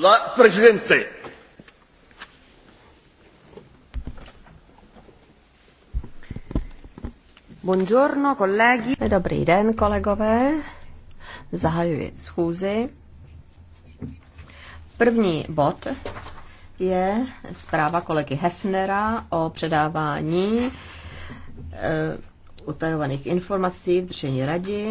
la Presidente. Buongiorno, colleghi. Dobrý den, kolegové. Zahajuji schůzi. První bod je zpráva kolegy Hefnera o předávání eh, utajovaných informací v držení radí,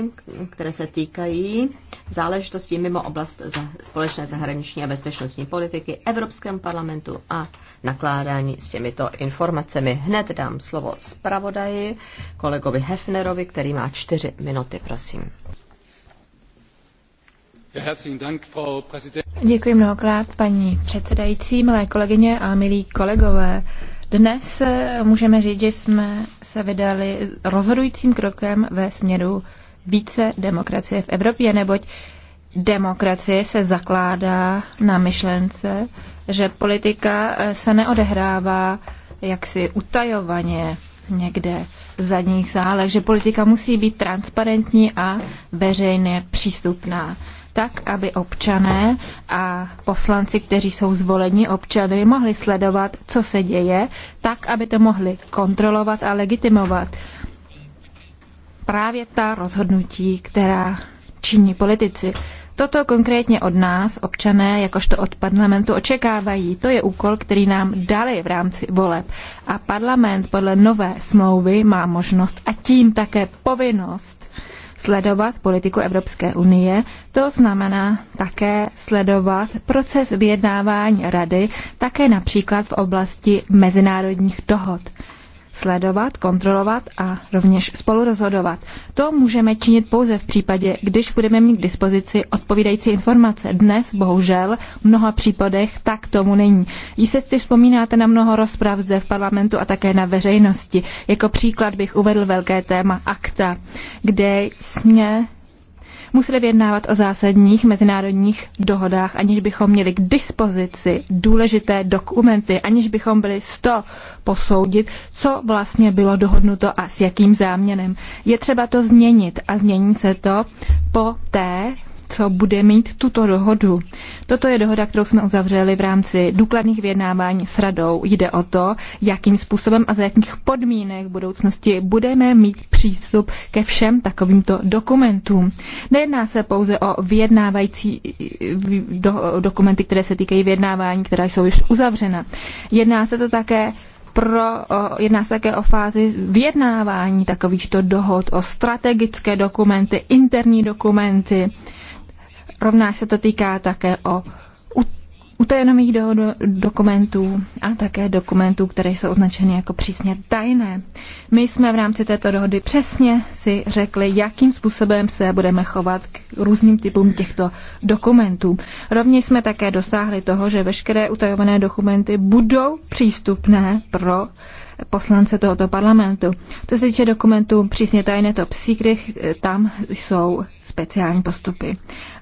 které se týkají záležitostí mimo oblast společné zahraniční a bezpečnostní politiky Evropském parlamentu a nakládání s těmito informacemi. Hned dám slovo zpravodaji, kolegovi Hefnerovi, který má čtyři minuty, prosím. Děkuji mnohokrát, paní předsedající, milé kolegyně a milí kolegové. Dnes eh, můžeme říct, že jsme se vydali rozhodujícím krokem ve směru více demokracie v Evropě, neboť demokracie se zakládá na myšlence, že politika eh, se neodehrává jaksi utajovaně někde v zadních zálech, že politika musí být transparentní a veřejně přístupná, tak, aby občané a poslanci, kteří jsou zvoleni občany, mohli sledovat, co se děje, tak, aby to mohli kontrolovat a legitimovat. Právě ta rozhodnutí, která činí politici. Toto konkrétně od nás, občané, jakožto od parlamentu, očekávají. To je úkol, který nám dali v rámci voleb. A parlament podle nové smlouvy má možnost a tím také povinnost Sledovat politiku Evropské unie, to znamená také sledovat proces vyjednávání rady, také například v oblasti mezinárodních dohod sledovat, kontrolovat a rovněž spolurozhodovat. To můžeme činit pouze v případě, když budeme mít k dispozici odpovídající informace. Dnes, bohužel, v mnoha případech tak tomu není. Jistě vzpomínáte na mnoho rozprav zde v parlamentu a také na veřejnosti. Jako příklad bych uvedl velké téma akta, kde jsme museli vyjednávat o zásadních mezinárodních dohodách, aniž bychom měli k dispozici důležité dokumenty, aniž bychom byli to posoudit, co vlastně bylo dohodnuto a s jakým záměrem. Je třeba to změnit a změní se to po té, co bude mít tuto dohodu. Toto je dohoda, kterou jsme uzavřeli v rámci důkladných vyjednávání s radou. Jde o to, jakým způsobem a za jakých podmínek v budoucnosti budeme mít přístup ke všem takovýmto dokumentům. Nejedná se pouze o vyjednávající do, dokumenty, které se týkají vyjednávání, která jsou již uzavřena. Jedná se to také pro, o, jedná se také o fázi vyjednávání takovýchto dohod, o strategické dokumenty, interní dokumenty. Rovná se to týká také o utajených do, do, dokumentů a také dokumentů, které jsou označeny jako přísně tajné. My jsme v rámci této dohody přesně si řekli, jakým způsobem se budeme chovat k různým typům těchto dokumentů. Rovněž jsme také dosáhli toho, že veškeré utajované dokumenty budou přístupné pro poslance tohoto parlamentu. Co se týče dokumentů přísně tajné top secret, tam jsou speciální postupy.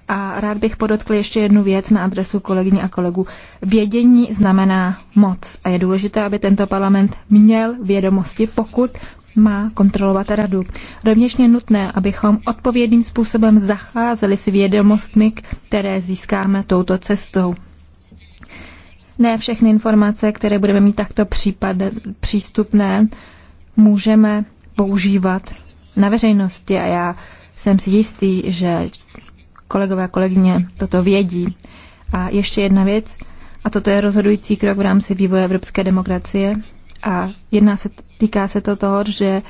A rád bych podotkl ještě jednu věc na adresu kolegyně a kolegů. Vědění znamená moc a je důležité, aby tento parlament měl vědomosti, pokud má kontrolovat radu. Rovněž je nutné, abychom odpovědným způsobem zacházeli s vědomostmi, které získáme touto cestou ne všechny informace, které budeme mít takto případ, přístupné, můžeme používat na veřejnosti a já jsem si jistý, že kolegové a kolegyně toto vědí. A ještě jedna věc, a toto je rozhodující krok v rámci vývoje evropské demokracie a jedná se, týká se to toho, že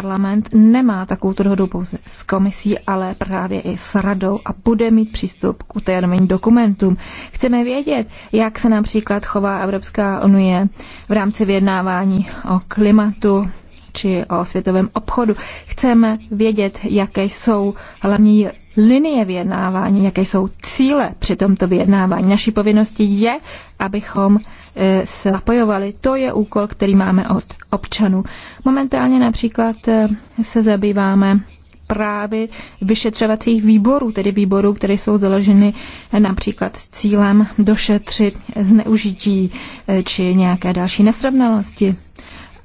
parlament nemá takovou dohodu pouze s komisí, ale právě i s radou a bude mít přístup k utajeným dokumentům. Chceme vědět, jak se například chová Evropská unie v rámci vyjednávání o klimatu či o světovém obchodu. Chceme vědět, jaké jsou hlavní linie vyjednávání, jaké jsou cíle při tomto vyjednávání. Naší povinností je, abychom Eh, se napojovali. To je úkol, který máme od občanů. Momentálně například eh, se zabýváme právy vyšetřovacích výborů, tedy výborů, které jsou založeny eh, například s cílem došetřit zneužití či nějaké další nesrovnalosti.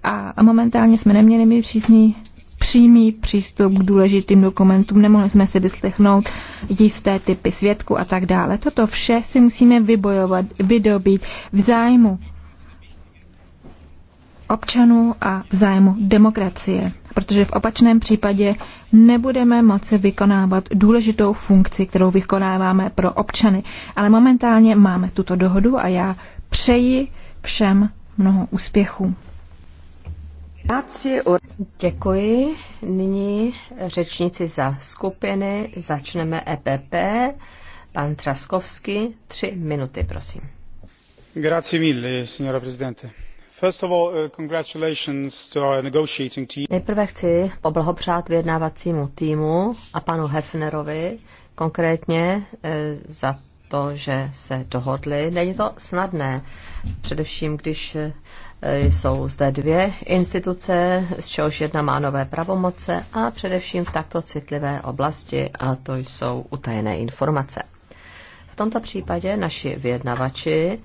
A momentálně jsme neměli mít přísný přímý přístup k důležitým dokumentům, nemohli jsme si vyslechnout jisté typy svědků a tak dále. Toto vše si musíme vybojovat, vydobít v zájmu občanů a v zájmu demokracie, protože v opačném případě nebudeme moci vykonávat důležitou funkci, kterou vykonáváme pro občany. Ale momentálně máme tuto dohodu a já přeji všem mnoho úspěchů. Děkuji. Nyní řečnici za skupiny. Začneme EPP. Pan Traskovský, tři minuty, prosím. Grazie mille, signora Presidente. Uh, Nejprve chci poblahopřát vyjednávacímu týmu a panu Hefnerovi konkrétně uh, za to, že se dohodli. Není to snadné, především když uh, jsou zde dvě instituce, z čehož jedna má nové pravomoce a především v takto citlivé oblasti, a to jsou utajené informace. V tomto případě naši vyjednavači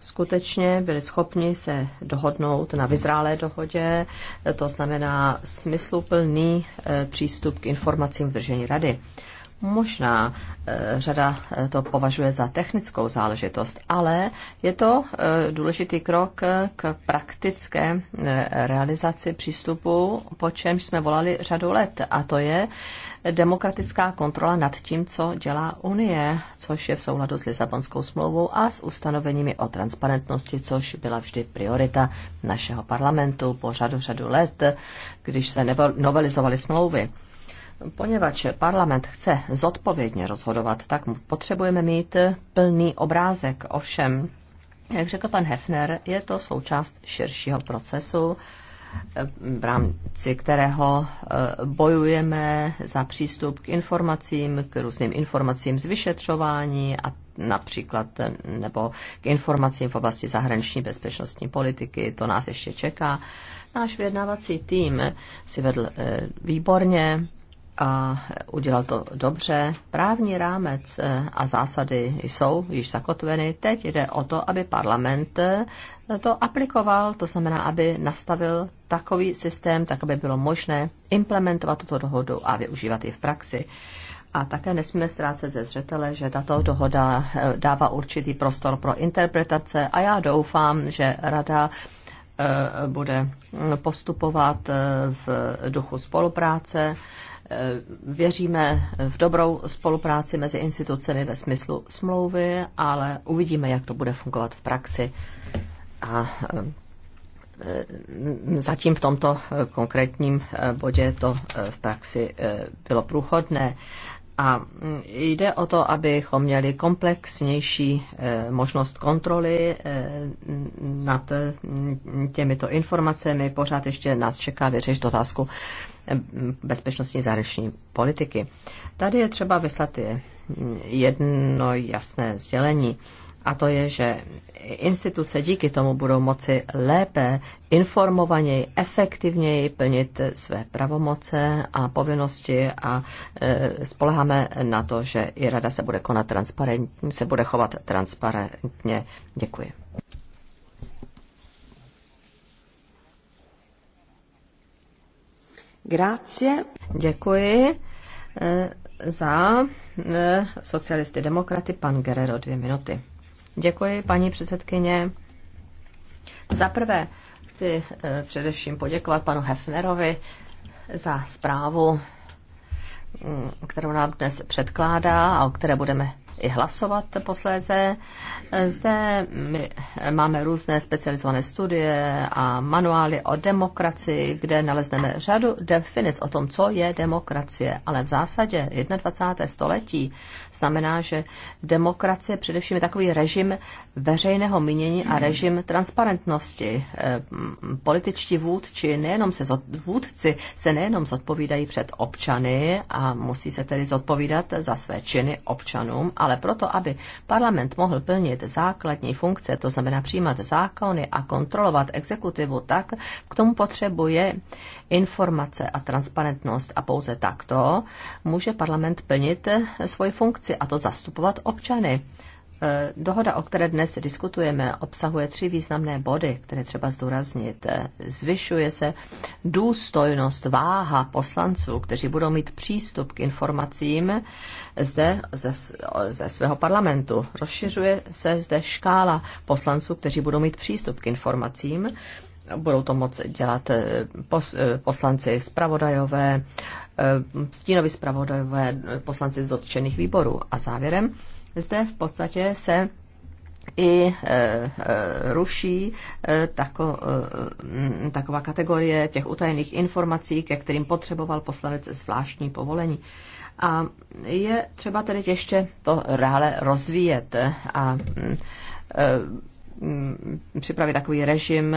skutečně byli schopni se dohodnout na vyzrálé dohodě, to znamená smysluplný eh, přístup k informacím v držení rady. Možná eh, řada eh, to považuje za technickou záležitost, ale je to eh, důležitý krok k praktické realizaci přístupu, po čem jsme volali řadu let, a to je demokratická kontrola nad tím, co dělá Unie, což je v souladu s Lisabonskou smlouvou a s ustanoveními o transparentnosti, což byla vždy priorita našeho parlamentu po řadu řadu let, když se novelizovaly smlouvy. Poněvadž parlament chce zodpovědně rozhodovat, tak potřebujeme mít plný obrázek. Ovšem, jak řekl pan Hefner, je to součást širšího procesu, v rámci kterého eh, bojujeme za přístup k informacím, k různým informacím z vyšetřování a například nebo k informacím v oblasti zahraniční bezpečnostní politiky. To nás ještě čeká. Náš vyjednávací tým si vedl eh, výborně a udělal to dobře. Právní rámec a zásady jsou již zakotveny. Teď jde o to, aby parlament to aplikoval, to znamená, aby nastavil takový systém, tak aby bylo možné implementovat tuto dohodu a využívat ji v praxi. A také nesmíme ztrácet ze zřetele, že tato dohoda eh, dává určitý prostor pro interpretace a já doufám, že Rada eh, bude mm, postupovat eh, v duchu spolupráce Eh, věříme v dobrou spolupráci mezi institucemi ve smyslu smlouvy, ale uvidíme, jak to bude fungovat v praxi. A eh, eh, zatím v tomto konkrétním bodě to v praxi bylo průchodné. A mm, jde o to, abychom měli komplexnější možnost kontroly nad mm, těmito informacemi. Pořád ještě nás čeká vyřešit otázku bezpečnostní zahraniční politiky. Tady je třeba vyslat jedno jasné sdělení. A to je, že instituce díky tomu budou moci lépe, informovaněji, efektivněji plnit své pravomoce a povinnosti a e, spoleháme na to, že i rada se bude konat transparentně, se bude chovat transparentně. Děkuji. Grazie. Děkuji eh, za eh, socialisty demokraty pan Guerrero dvě minuty. Děkuji, paní předsedkyně. Za prvé chci eh, především poděkovat panu Hefnerovi za zprávu, mm, kterou nám dnes předkládá a o které budeme i hlasovat posléze. Zde my máme různé specializované studie a manuály o demokracii, kde nalezneme řadu definic o tom, co je demokracie. Ale v zásadě 21. století znamená, že demokracie především je takový režim veřejného mínění a režim transparentnosti. Eh, političtí vůdči, nejenom se vůdci, se nejenom zodpovídají před občany a musí se tedy zodpovídat za své činy občanům, ale ale proto, aby parlament mohl plnit základní funkce, to znamená přijímat zákony a kontrolovat exekutivu tak, k tomu potřebuje informace a transparentnost a pouze takto může parlament plnit svoji funkci a to zastupovat občany. Eh, dohoda, o které dnes diskutujeme, obsahuje tři významné body, které třeba zdůraznit. Eh, zvyšuje se důstojnost, váha poslanců, kteří budou mít přístup k informacím zde ze, ze svého parlamentu. Rozšiřuje se zde škála poslanců, kteří budou mít přístup k informacím. Budou to moc dělat eh, poslanci zpravodajové, stínovi zpravodajové, poslanci z dotčených výborů. A závěrem zde v podstatě se i e, e, ruší e, tako, taková kategorie těch utajených informací, ke kterým potřeboval poslanec zvláštní povolení. A je třeba tedy ještě to dále rozvíjet a připravit takový režim,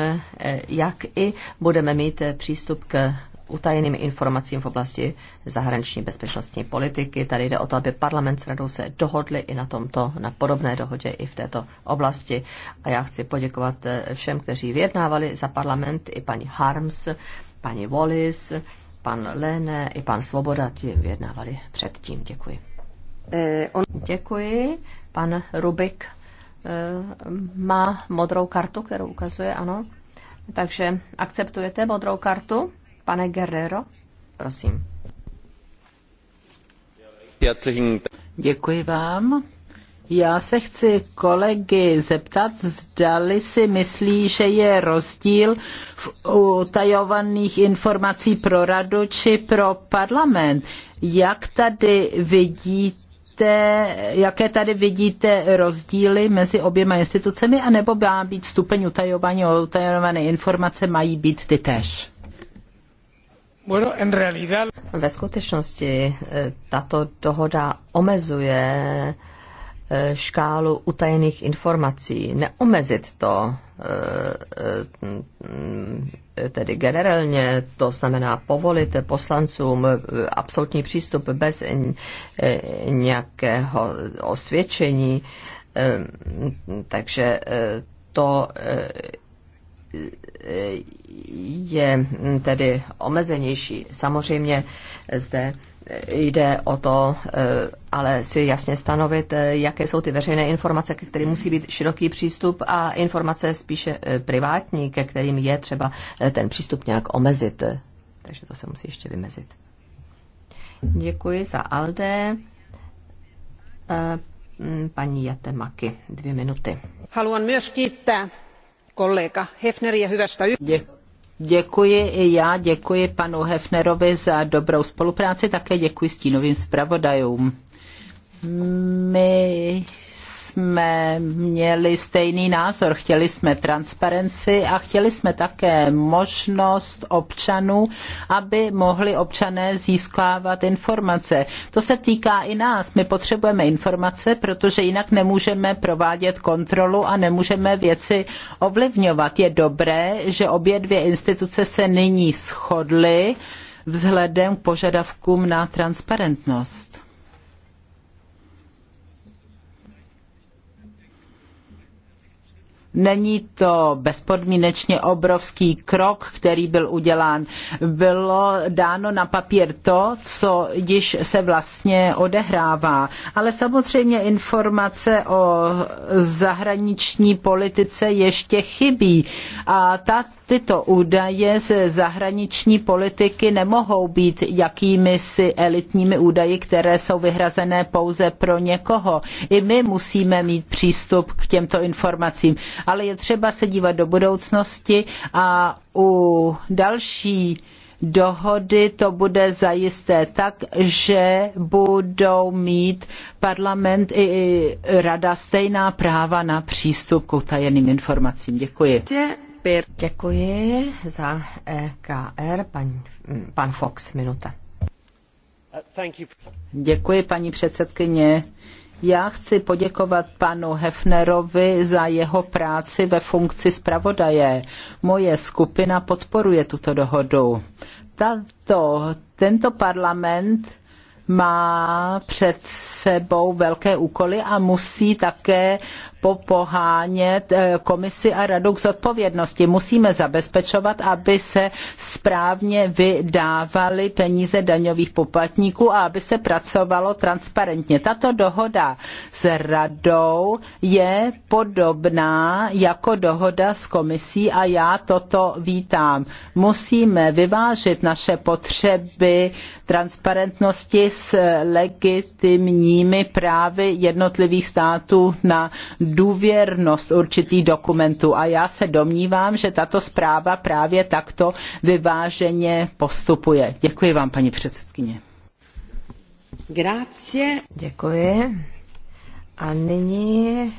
jak i budeme mít přístup k utajeným informacím v oblasti zahraniční bezpečnostní politiky. Tady jde o to, aby parlament s radou se dohodli i na tomto, na podobné dohodě i v této oblasti. A já chci poděkovat eh, všem, kteří vyjednávali za parlament, i paní Harms, paní Wallis, pan Lene i pan Svoboda, ti vyjednávali předtím. Děkuji. Eh, on... Děkuji. Pan Rubik eh, má modrou kartu, kterou ukazuje, ano. Takže akceptujete modrou kartu? Pane Guerrero, prosím. Děkuji vám. Já se chci kolegy zeptat, zdali si myslí, že je rozdíl v utajovaných informací pro radu či pro parlament. Jak tady vidíte, jaké tady vidíte rozdíly mezi oběma institucemi, anebo má být stupeň utajování a utajované informace mají být ty tež? Ve skutečnosti eh, tato dohoda omezuje eh, škálu utajených informací, neomezit to eh, tedy generálně, to znamená povolit poslancům absolutní přístup bez nějakého osvědčení, takže to je tedy omezenější. Samozřejmě zde jde o to, eh, ale si jasně stanovit, eh, jaké jsou ty veřejné informace, ke kterým musí být široký přístup a informace spíše eh, privátní, ke kterým je třeba ten přístup nějak omezit. Takže to se musí ještě vymezit. Děkuji za Alde. Paní Jatemaky, dvě minuty. Haluan myös kiittää kollega Hefneria hyvästä Děkuji i já, děkuji panu Hefnerovi za dobrou spolupráci, také děkuji stínovým zpravodajům. My jsme měli stejný názor. Chtěli jsme transparenci a chtěli jsme také možnost občanů, aby mohli občané získávat informace. To se týká i nás. My potřebujeme informace, protože jinak nemůžeme provádět kontrolu a nemůžeme věci ovlivňovat. Je dobré, že obě dvě instituce se nyní shodly vzhledem k požadavkům na transparentnost. Není to bezpodmínečně obrovský krok, který byl udělán. Bylo dáno na papír to, co již se vlastně odehrává. Ale samozřejmě informace o zahraniční politice ještě chybí. A ta tyto údaje z zahraniční politiky nemohou být jakými si elitními údaji, které jsou vyhrazené pouze pro někoho. I my musíme mít přístup k těmto informacím, ale je třeba se dívat do budoucnosti a u další dohody to bude zajisté tak, že budou mít parlament i rada stejná práva na přístup k utajeným informacím. Děkuji. Děkuji za EKR, pan, pan Fox, minuta. Děkuji, paní předsedkyně. Já chci poděkovat panu Hefnerovi za jeho práci ve funkci zpravodaje. Moje skupina podporuje tuto dohodu. Tato, tento parlament má před sebou velké úkoly a musí také pohánět eh, komisi a radu k zodpovědnosti. Musíme zabezpečovat, aby se správně vydávaly peníze daňových poplatníků a aby se pracovalo transparentně. Tato dohoda s radou je podobná jako dohoda s komisí a já toto vítám. Musíme vyvážit naše potřeby transparentnosti s legitimními právy jednotlivých států na důvěrnost určitých dokumentů a já se domnívám, že tato zpráva právě takto vyváženě postupuje. Děkuji vám, paní předsedkyně. Grácie. Děkuji. A nyní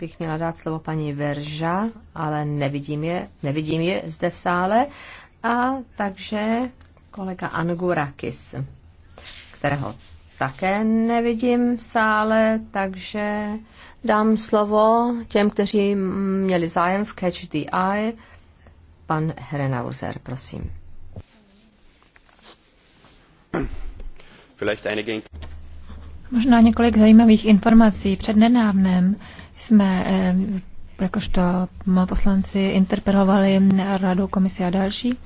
bych měla dát slovo paní Verža, ale nevidím je, nevidím je zde v sále. A takže kolega Angurakis, kterého také nevidím v sále, takže dám slovo těm, kteří měli zájem v Catch the Eye. Pan Herenauser, prosím. Možná několik zajímavých informací. Před nedávnem jsme eh, jakožto poslanci interpelovali Radu, komisi a další.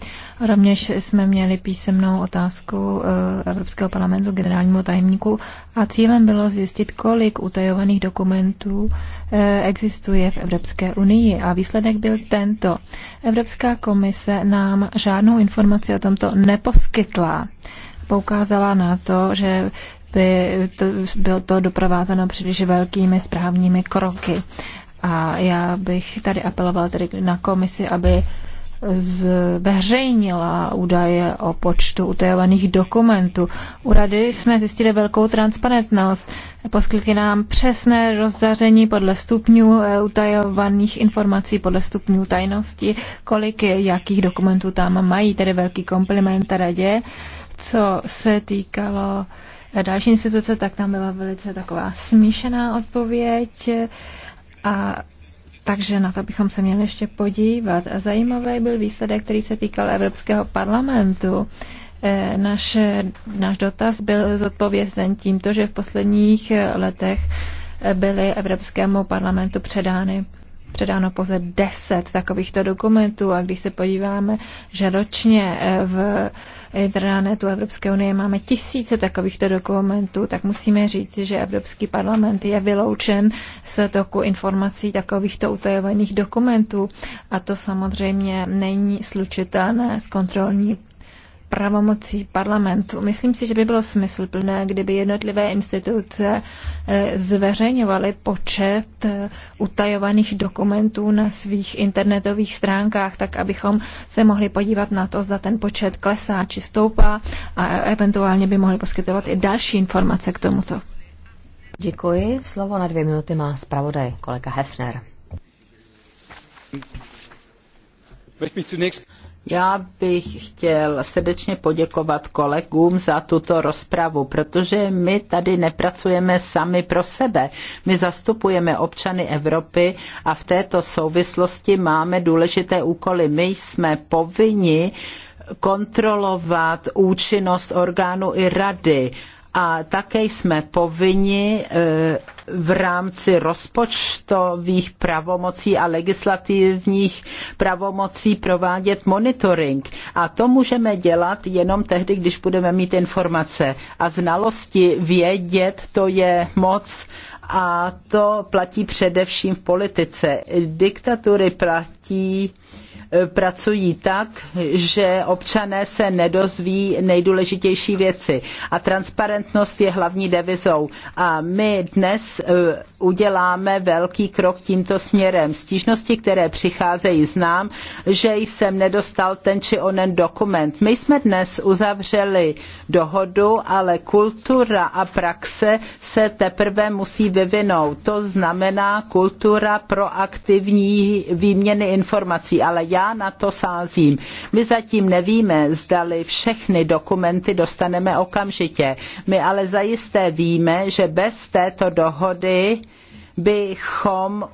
Rovněž jsme měli písemnou otázku eh, Evropského parlamentu generálnímu tajemníku a cílem bylo zjistit, kolik utajovaných dokumentů eh, existuje v Evropské unii. A výsledek byl tento. Evropská komise nám žádnou informaci o tomto neposkytla. Poukázala na to, že by to, bylo to doprovázeno příliš velkými správními kroky. A já bych tady apeloval tedy na komisi, aby zveřejnila údaje o počtu utajovaných dokumentů. U rady jsme zjistili velkou transparentnost. Poskytli nám přesné rozzaření podle stupňů eh, utajovaných informací, podle stupňů tajnosti, kolik jakých dokumentů tam mají, tedy velký kompliment radě. Co se týkalo eh, další instituce, tak tam byla velice taková smíšená odpověď a takže na to bychom se měli ještě podívat. A zajímavý byl výsledek, který se týkal Evropského parlamentu. E, naš, náš dotaz byl zodpovězen tímto, že v posledních letech byly Evropskému parlamentu předány předáno pouze 10 takovýchto dokumentů a když se podíváme, že ročně eh, v internetu Evropské unie máme tisíce takovýchto dokumentů, tak musíme říct, že Evropský parlament je vyloučen z toku informací takovýchto utajovaných dokumentů a to samozřejmě není slučitelné s kontrolní pravomocí parlamentu. Myslím si, že by bylo smysluplné, kdyby jednotlivé instituce eh, zveřejňovaly počet eh, utajovaných dokumentů na svých internetových stránkách, tak abychom se mohli podívat na to, zda ten počet klesá či stoupá a eventuálně by mohli poskytovat i další informace k tomuto. Děkuji. Slovo na dvě minuty má zpravodaj kolega Hefner. Möchte mich zunächst já bych chtěl srdečně poděkovat kolegům za tuto rozpravu, protože my tady nepracujeme sami pro sebe. My zastupujeme občany Evropy a v této souvislosti máme důležité úkoly. My jsme povinni kontrolovat účinnost orgánu i rady a také jsme povinni eh, v rámci rozpočtových pravomocí a legislativních pravomocí provádět monitoring. A to můžeme dělat jenom tehdy, když budeme mít informace. A znalosti vědět, to je moc a to platí především v politice. Diktatury platí pracují tak, že občané se nedozví nejdůležitější věci. A transparentnost je hlavní devizou. A my dnes e, uděláme velký krok tímto směrem. Stížnosti, které přicházejí, znám, že jsem nedostal ten či onen dokument. My jsme dnes uzavřeli dohodu, ale kultura a praxe se teprve musí vyvinout. To znamená kultura proaktivní výměny informací. Ale já já na to sázím. My zatím nevíme, zdali všechny dokumenty dostaneme okamžitě. My ale zajisté víme, že bez této dohody bychom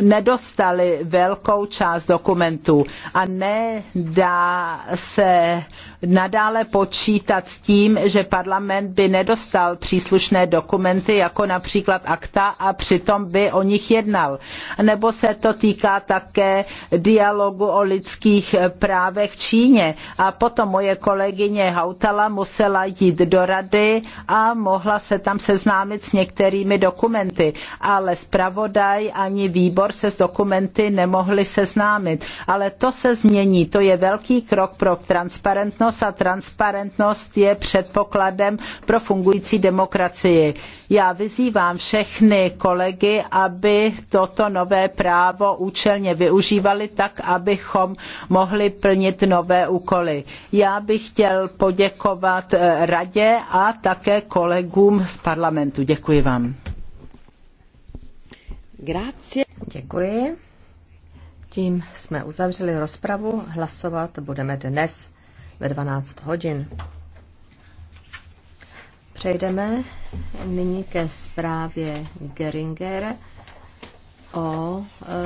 nedostali velkou část dokumentů a nedá se nadále počítat s tím, že parlament by nedostal příslušné dokumenty, jako například akta a přitom by o nich jednal. Nebo se to týká také dialogu o lidských právech v Číně. A potom moje kolegyně Hautala musela jít do rady a mohla se tam seznámit s některými dokumenty. Ale ale zpravodaj ani výbor se s dokumenty nemohli seznámit. Ale to se změní, to je velký krok pro transparentnost a transparentnost je předpokladem pro fungující demokracii. Já vyzývám všechny kolegy, aby toto nové právo účelně využívali tak, abychom mohli plnit nové úkoly. Já bych chtěl poděkovat eh, radě a také kolegům z parlamentu. Děkuji vám. Grazie. Děkuji. Tím jsme uzavřeli rozpravu. Hlasovat budeme dnes ve 12 hodin. Přejdeme nyní ke zprávě Geringer o e,